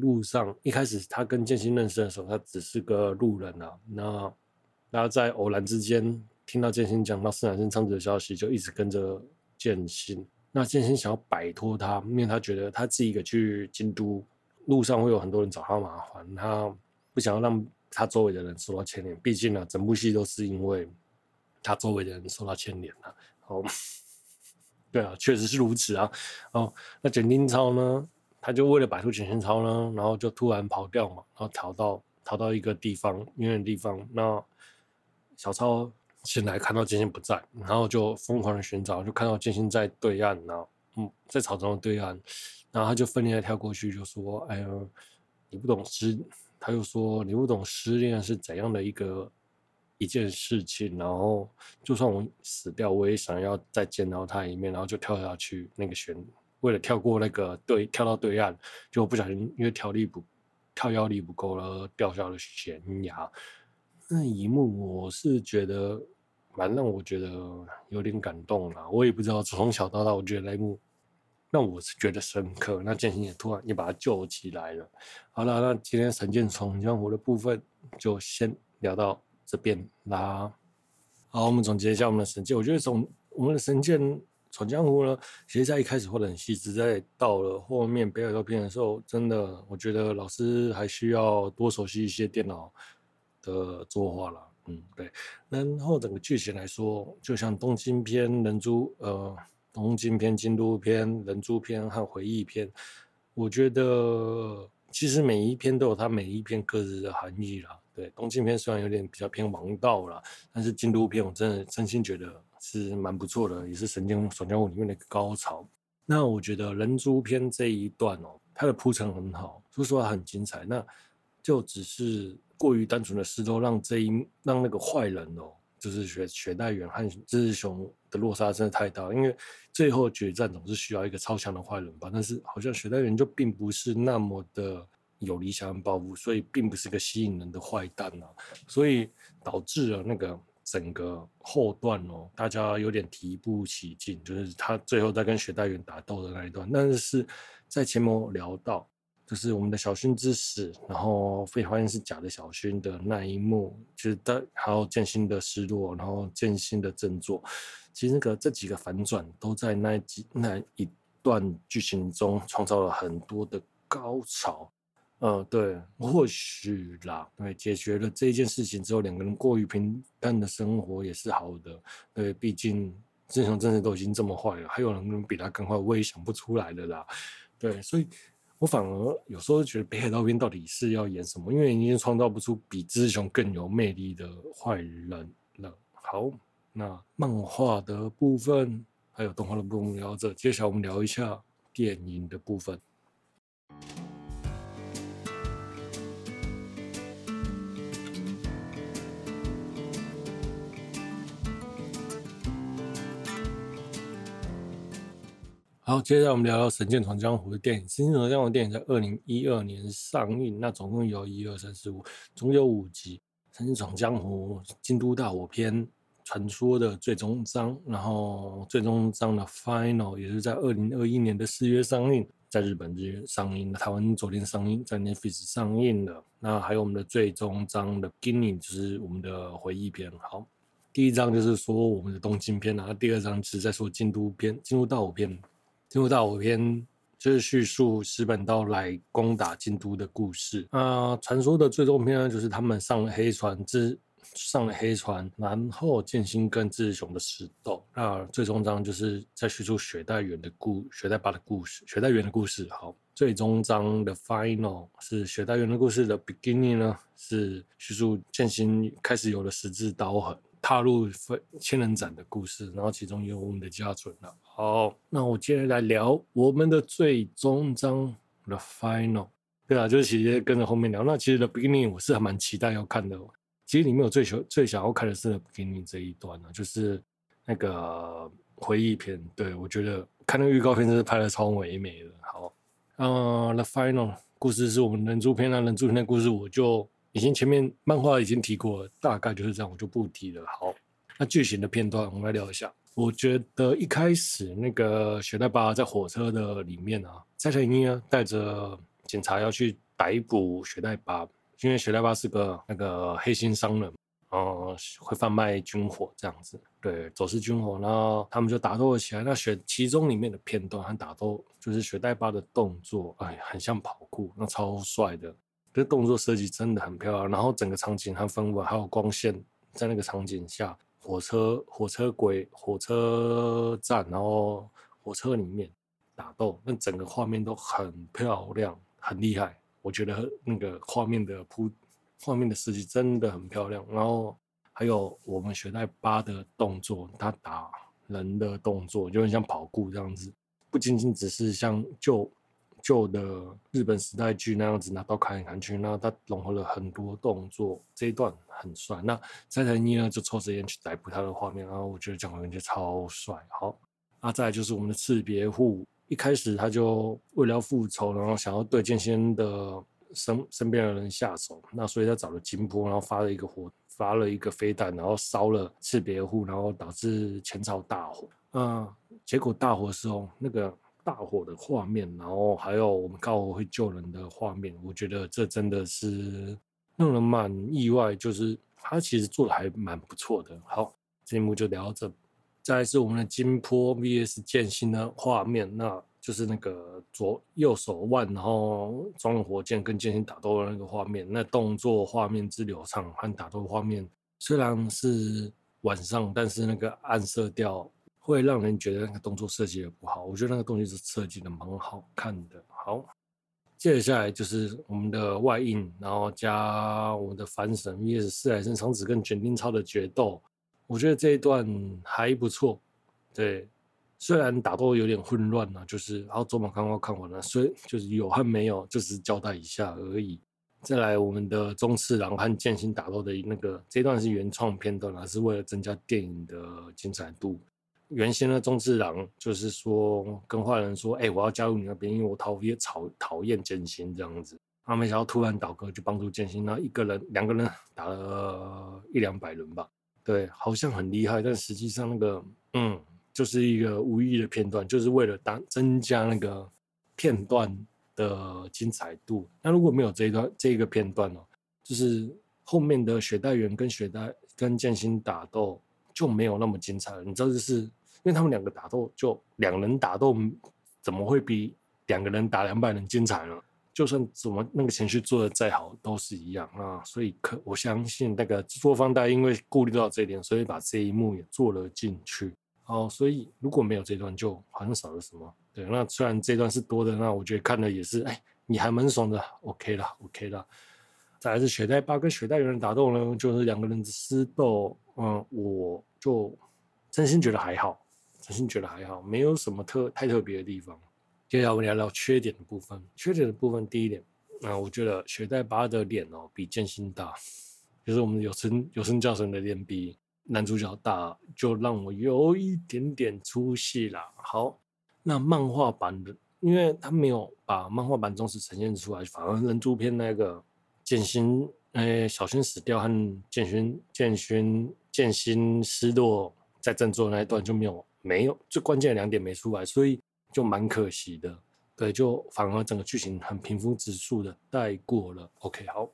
路上一開始他跟劍心認識的時候，他只是個路人啊。那，然後在偶然之間聽到劍心講到四乃森蒼紫的消息，就一直跟着劍心。那劍心想要擺脫他，因為他覺得他自己一個去京都路上會有很多人找他麻煩，他不想要讓。他周圍的人受到牽連，畢竟呢，整部戲都是因為他周圍的人受到牽連了、啊。哦， 對啊，確實是如此啊。哦，那簡金超呢？他就為了擺脫簡金超呢，然後就突然跑掉嘛，然後逃到逃到一個地方，遠遠的地方。那小超醒來看到劍心不在，然後就瘋狂的尋找，就看到劍心在對岸，然後嗯，在草叢的對岸，然後他就奮力的跳過去，就說：“哎呀、呃，你不懂事。”他就說：“你不懂失戀是怎樣的一個一件事情，然後就算我死掉，我也想要再見到他一面，然後就跳下去那個懸，為了跳過那個對，跳到對岸，就不小心因為跳力不跳腰力不夠了，掉下了懸崖。那一幕，我是覺得蠻讓我覺得有點感動了。我也不知道從小到大，我覺得那一幕。”那我是覺得深刻，那劍心也突然也把他救起來了。好了，那今天神劍闖江湖的部分就先聊到這邊啦。好，我們總結一下我們的神劍。我覺得從我們的神劍闖江湖呢，其實在一開始或者很細緻，在到了後面北海道篇的時候，真的我覺得老師還需要多熟悉一些電腦的作畫了。嗯，對。然後整個劇情來說，就像東京篇、人誅呃。東京篇、京都篇、人誅篇和回憶篇，我覺得其實每一篇都有它每一篇各自的含義啦。對，東京篇雖然有點比較偏王道啦。但是京都篇我真的真心覺得是蠻不錯的，也是神劍闖江湖裡面的一個高潮。那我覺得人誅篇這一段哦、喔，它的鋪陳很好，說實話很精彩。那就只是過於單純的石頭讓這一讓那個壞人哦、喔。就是雪雪代遠和志志雄的落差真的太大，因為最後決戰總是需要一個超強的壞人吧。但是好像雪代遠就並不是那麼的有理想的抱負，所以並不是個吸引人的壞蛋啊。所以導致了、啊、那個整個後段哦，大家有點提不起勁，就是他最後在跟雪代遠打鬥的那一段。但是在前面聊到。就是我們的小薰之死，然後被發現是假的小薰的那一幕，其實他還有劍心的失落，然後劍心的振作，其實可、那個、這幾個反轉都在那一幾那一段劇情中創造了很多的高潮。嗯、呃，對，或許啦，對，解決了這件事情之後，兩個人過於平淡的生活也是好的。對，畢竟志志雄真實都已經這麼壞了，還有人能比他更壞，我也想不出來了啦。對，所以。我反而有時候覺得北海道篇到底是要演什麼？因為已經創造不出比志志雄更有魅力的壞人了。好，那漫畫的部分還有動畫的部分我們聊着，接下來我們聊一下電影的部分。好，接下來我們聊聊《神劍闖江湖》的電影。《神劍闖江湖》電影在二零一二年上映，那總共有一二三四五，總有五集。《神劍闖江湖》京都大火篇，傳說的最終章，然後最終章的 Final 也是在二零二一年的四月上映，在日本上映，台灣昨天上映，在 Netflix 上映的。那還有我們的最終章的 Beginning，就是我們的回憶篇。好，第一章就是說我們的東京篇，然後第二章其實在說京都篇，京都大火篇。《京都大火篇》就是敘述十本刀來攻打京都的故事。那、呃、傳說的最終篇呢，就是他們上了黑船之，上了黑船，然後劍心跟志雄的死鬥。那、呃、最終章就是在敘述雪代緣的故，雪代巴的故事，雪代緣的故事。好，最終章的 Final 是雪代緣的故事的 Beginning 呢，是敘述劍心開始有了十字刀痕，踏入千人斬的故事，然後其中有我們的家族好。oh, 那我接下來聊我們的最終章，the final，對啊，就是其實跟着後面聊。那其實 the beginning 我是還蠻期待要看的，其實裡面有最想最想要看的是，The、beginning 這一段呢，啊，就是那個回憶篇。對，我覺得看那個預告片真的是拍的超唯美的。好，嗯、uh，the final 故事是我們人誅篇啊，人誅篇的故事我就。已經前面漫畫已經提過了，大概就是這樣，我就不提了。好，那劇情的片段我們來聊一下。我覺得一開始那個雪代巴在火車的裡面啊，齋藤一呢帶着警察要去逮捕雪代巴，因為雪代巴是個那個黑心商人，嗯、呃，會販賣軍火這樣子，對，走私軍火，然後他們就打鬥了起來。那選其中裡面的片段他打鬥就是雪代巴的動作，哎，很像跑酷，那超帥的。這個、動作設計真的很漂亮，然後整個場景和氛圍，還有光線，在那個場景下，火車、火車軌、火車站，然後火車裡面打鬥，那整個畫面都很漂亮，很厲害。我覺得那個畫面的鋪，畫面的設計真的很漂亮。然後還有我們學代八的動作，他打人的動作就很像跑酷這樣子，不僅僅只是像就。舊的日本時代劇那樣子拿刀砍來砍去，那他融合了很多動作，這一段很帥。那蔡菜妮呢就抽着煙去逮捕他的畫面，然後我覺得這的人就超帥。好，那再來就是我們的赤別戶，一開始他就為了要復仇，然後想要對劍心的身身邊的人下手，那所以他找了金波，然後發了一個火，發了一個飛彈，然後燒了赤別戶，然後導致前朝大火。嗯，結果大火的時候那個。大火的畫面，然後還有我們高荷惠救人的畫面，我覺得這真的是弄得蠻意外，就是他其實做的還蠻不錯的。好，這一幕就聊到這。再來是我們的鯨波 VS 劍心的畫面，那就是那個左右手腕然後裝了火箭跟劍心打鬥的那個畫面，那動作畫面之流暢和打鬥畫面，雖然是晚上，但是那個暗色調，會讓人覺得那個動作設計的不好，我覺得那個東西是設計的蠻好看的。好，接下來就是我們的外印，然後加我們的番神 VS 四乃森蒼紫跟卷町操的決鬥，我覺得這一段還不錯。對，雖然打鬥有點混亂呢、啊，就是然後走馬看花看完了，所以就是有和沒有，就是交代一下而已。再來我們的宗次郎和劍心打鬥的那個，這一段是原創片段還、啊、是為了增加電影的精彩度。原先的宗次郎就是說跟壞人說，哎、欸，我要加入你那邊，因為我討厭討討厭劍心這樣子。他、啊、沒想到突然倒戈，就幫助劍心。那一個人兩個人打了一兩百輪吧，對，好像很厲害，但實際上那個嗯，就是一個無意義的片段，就是為了當增加那個片段的精彩度。那如果沒有這一段這個片段哦、喔，就是後面的雪代縁跟雪代跟劍心打鬥，就沒有那麼精彩了，你知道就是，因為他們兩個打鬥，就兩人打鬥，怎麼會比兩個人打兩百人精彩呢？就算怎麼那個情緒做得再好，都是一樣啊。所以，可我相信那個製作方，大家因為顧慮到這一點，所以把這一幕也做了進去。哦，所以如果沒有這段，就好像少了什麼。對，那雖然這段是多的，那我覺得看的也是，哎、欸，你還蠻爽的，OK 了，OK 了。再來是雪代巴跟雪代原人打鬥呢，就是兩個人的撕鬥。嗯，我就真心覺得還好，真心覺得還好，沒有什麼特太特別的地方。接下來我們聊聊缺點的部分。缺點的部分，第一點，啊、嗯，我覺得雪代巴的臉哦比劍心大，就是我們有村有村架純的臉比男主角大，就讓我有一點點出戲啦。好，那漫畫版的，因為他沒有把漫畫版忠實呈現出來，反而人誅篇那個劍心，誒、欸，小薰死掉和劍心劍心。劍心失落，在振作那一段就沒有沒有，最關鍵的兩點沒出來，所以就蠻可惜的。對，就反而整個劇情很平鋪直述的帶過了。OK，好、啊，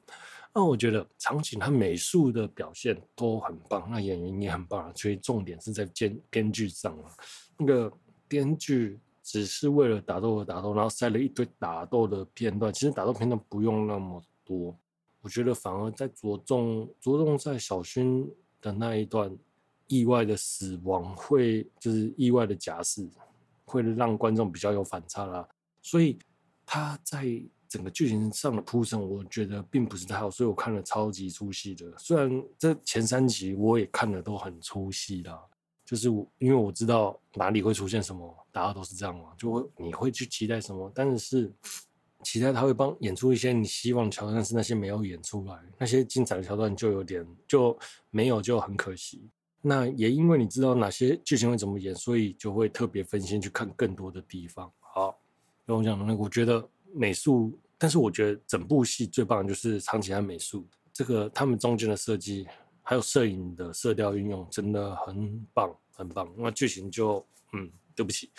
那我覺得場景和美術的表現都很棒，那演員也很棒、啊，所以重點是在編編劇上、啊、那個編劇只是為了打鬥而打鬥，然後塞了一堆打鬥的片段，其實打鬥片段不用那麼多，我覺得反而在着重着重在小薰。的那一段意外的死亡會，會就是意外的假死，會讓觀眾比較有反差啦。所以他在整個劇情上的鋪陳，我覺得並不是太好，所以我看了超級出戲的。雖然這前三集我也看得都很出戲啦，就是我因為我知道哪裡會出現什麼，大家都是這樣嘛，就會你會去期待什麼，但是。期待他會幫演出一些你希望的橋段，但是那些沒有演出來，那些精彩的橋段就有點就沒有，就很可惜。那也因為你知道哪些劇情會怎麼演，所以就會特別分心去看更多的地方。好，像我講的那個，我覺得美術，但是我覺得整部戲最棒的就是長崎和美術這個他們中間的設計，還有攝影的色調運用真的很棒，很棒。那劇情就嗯，對不起，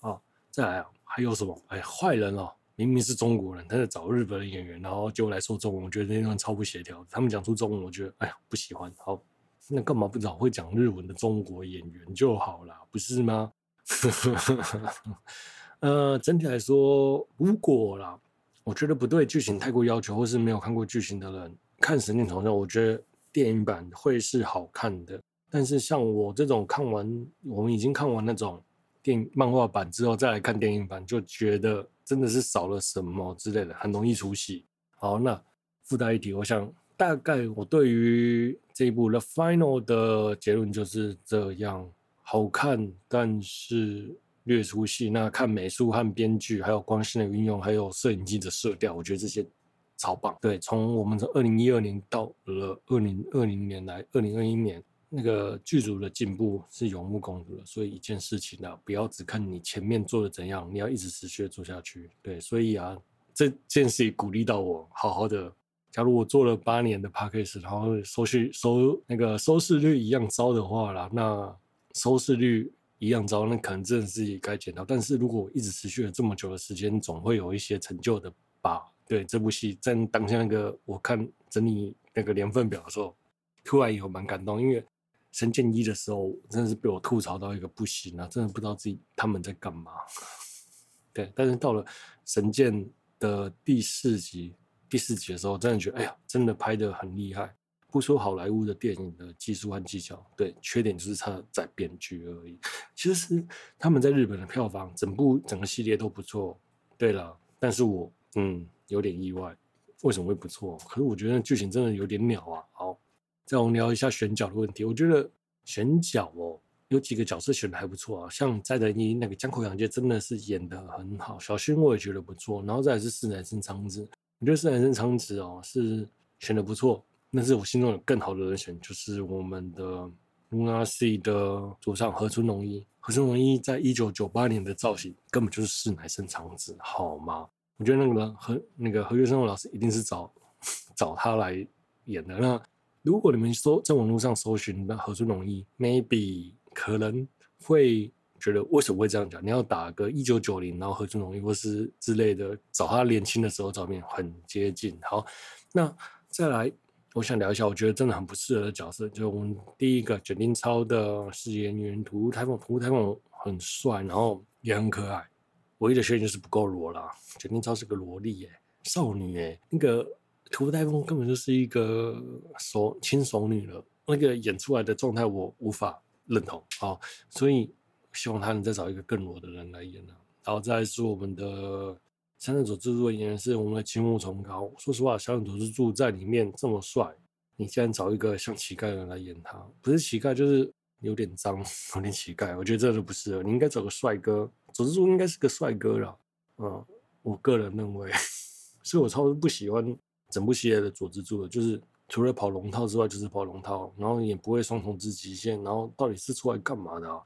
啊，再來啊，還有什麼？哎，壞人哦。明明是中國人，他在找日本的演員，然後就來說中文，我覺得那段超不協調。他們講出中文，我覺得哎呀不喜歡。好，那幹嘛不找會講日文的中國演員就好啦？不是嗎？ 呃，整體來說，如果啦，我覺得不對劇情太過要求，或是沒有看過劇情的人看《神劍闖江湖》，我覺得電影版會是好看的。但是像我這種看完，我們已經看完那種。電漫畫版之後再來看電影版，就覺得真的是少了什麼之類的，很容易出戲。好，那附帶一提，我想大概我對於這一部《The Final》的結論就是這樣：好看，但是略出戲。那看美術和編劇，還有光線的運用，還有攝影機的色調，我覺得這些超棒。對，從我們從二零一二年到了二零二零年來，二零二一年。那個劇組的進步是有目共睹的，所以一件事情呢，不要只看你前面做的怎樣，你要一直持續的做下去。對，所以啊，這件事也鼓勵到我，好好的。假如我做了八年的 package 然後收視收那個收視率一樣糟的話啦，那收視率一樣糟，那可能真的是該剪掉。但是如果我一直持續了這麼久的時間，總會有一些成就的吧？對，這部戲在當下那個我看整理那個年份表的時候，突然有蠻感動，因為。神劍一的時候，真的是被我吐槽到一個不行了啊，真的不知道自己他們在幹嘛。對，但是到了神劍的第四集，第四集的時候，真的覺得，哎呀，真的拍的很厲害，不說好萊塢的電影的技術和技巧，對，缺點就是他在編劇而已。其實是他們在日本的票房，整部整個系列都不錯。對了，但是我嗯有點意外，為什麼會不錯？可是我覺得劇情真的有點鳥啊，好。再我們聊一下選角的問題，我覺得選角哦，有幾個角色選的還不錯啊，像齋藤一那個江口洋介真的是演的很好，小薰我也覺得不錯，然後再來是四乃森蒼紫，我覺得四乃森蒼紫哦是選的不錯，但是我心中有更好的人選，就是我們的《LUNA SEA》的主唱河村隆一，河村隆一在一九九八年的造型根本就是四乃森蒼紫，好嗎？我覺得那個人河那個河村隆一老師一定是找找他來演的那。如果你們說在網絡上搜尋，那何春龍毅，maybe 可能會覺得為什麼會這樣講？你要打個一九九零，然後何春龍毅或是之類的，找他年輕的時候照片很接近。好，那再來，我想聊一下，我覺得真的很不適合的角色，就是我們第一個卷町操的是演員土屋太鳳，土屋太鳳很帥，然後也很可愛，唯一的缺點就是不夠蘿啦。卷町操是個蘿莉耶、欸，少女耶、欸，那個。屠夫大夫根本就是一個熟輕熟女了，那個演出來的狀態我無法認同啊、哦！所以希望他能再找一個更裸的人來演、啊、然後，再是我們的，三的相樂佐之助的演員是我們的青木崇高。說實話，相樂佐之助在裡面這麼帥，你竟然找一個像乞丐的人來演他，不是乞丐就是有點髒，有點乞丐。我覺得這都不是，你應該找個帥哥。佐之助應該是個帥哥啦。嗯，我個人認為，所以我超級不喜歡。整部系列的左之助，就是除了跑龍套之外，就是跑龍套，然後也不會雙重之極限。然後到底是出來幹嘛的啊？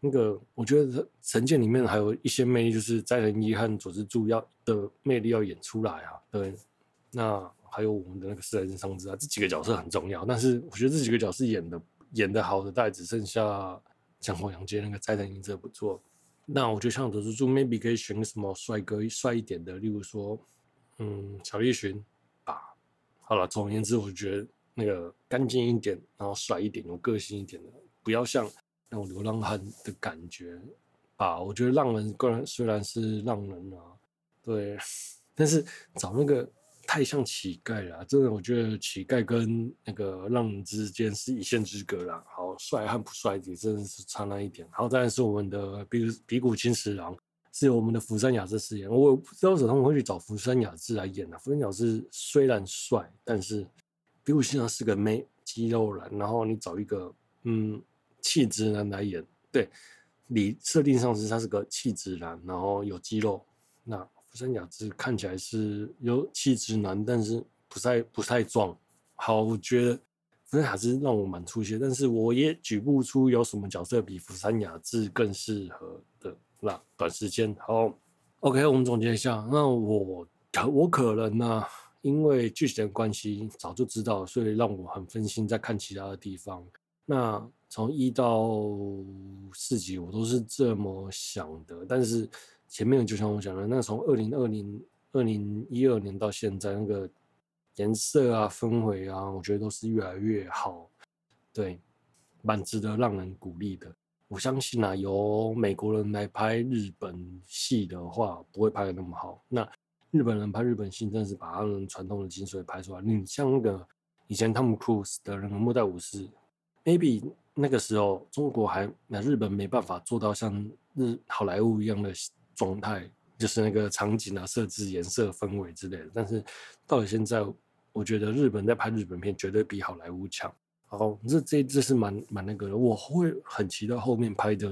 那個我覺得神劍裡面還有一些魅力，就是齋藤一和左之助要的魅力要演出來啊。對，那還有我們的那個四乃森蒼紫啊，這幾個角色很重要。但是我覺得這幾個角色演的演好的好的，大概只剩下江口洋介那個齋藤一，真的不錯。那我覺得像左之助，maybe 可以選個什麼帥哥帥一點的，例如說，嗯，喬一尋。好了，總而言之，我覺得那個乾淨一點，然後帥一點，有個性一點的，不要像那種流浪漢的感覺啊，我覺得浪人雖然雖然是浪人啊，對，但是找那個太像乞丐了，啊。真的，我覺得乞丐跟那個浪人之間是一線之隔了。好，帥和不帥也真的是差那一點。好，再來是我們的比、比古清十郎。是由我們的福山雅治飾演。我不知道為什麼會去找福山雅治來演的啊。福山雅治雖然帥，但是比如我現在是個沒肌肉男。然後你找一個嗯氣質男來演，對，你設定上是他是個氣質男，然後有肌肉。那福山雅治看起來是有氣質男，但是不太不太壯。好，我覺得福山雅治讓我蠻出戲，但是我也舉不出有什麼角色比福山雅治更適合。短時間，好，OK，我們總結一下。那我我可能呢、啊，因為劇情關係早就知道，所以讓我很分心在看其他的地方。那從一到四集我都是這麼想的，但是前面就像我講的，那從二零二零二零一二年到現在，那個顏色啊、氛圍啊，我覺得都是越來越好，對，蠻值得讓人鼓勵的。我相信啊，由美國人來拍日本戲的話，不會拍的那麼好。那日本人拍日本戲，真是把他們傳統的精髓拍出來。你、嗯、像那個以前湯姆·克魯斯的那個《末代武士》，maybe 那個時候中國還那日本沒辦法做到像日好萊塢一樣的狀態，就是那個場景啊、設置、顏色、氛圍之類的。但是到了現在，我覺得日本在拍日本片，絕對比好萊塢強。後、哦，這這這是蠻蠻那個的，我會很期待後面拍的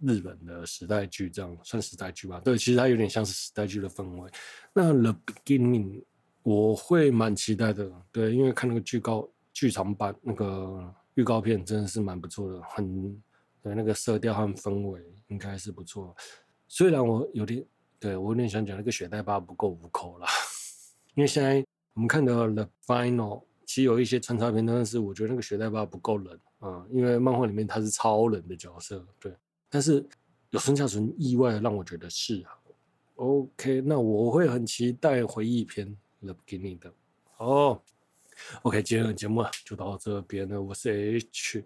日本的時代劇，這樣算時代劇吧？對，其實它有點像是時代劇的氛圍。那《The Beginning》我會蠻期待的，對，因為看那個劇高劇場版那個預告片真的是蠻不錯的，很對那個色調和氛圍應該是不錯的。雖然我有點對，我有點想講那個雪代巴不夠無口了，因為現在我們看到《The Final》。其實有一些穿插片，但是我覺得那個雪代巴不夠冷啊、嗯，因為漫畫裡面他是超冷的角色，對。但是有孫嘉純意外讓我覺得是啊。OK，那我會很期待回憶一篇給你的 The Beginning 的哦。Oh, OK，今天的節目就到這邊了，我是 H。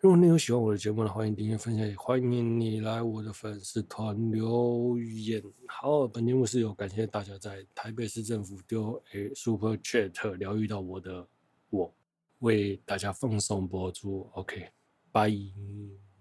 如果你有喜歡我的節目呢，歡迎訂閱、分享，也歡迎你來我的粉絲團留言。好，本節目是有感謝大家在台北市政府丟誒 super chat 療癒到我的。我為大家奉送播出，OK，拜。Okay.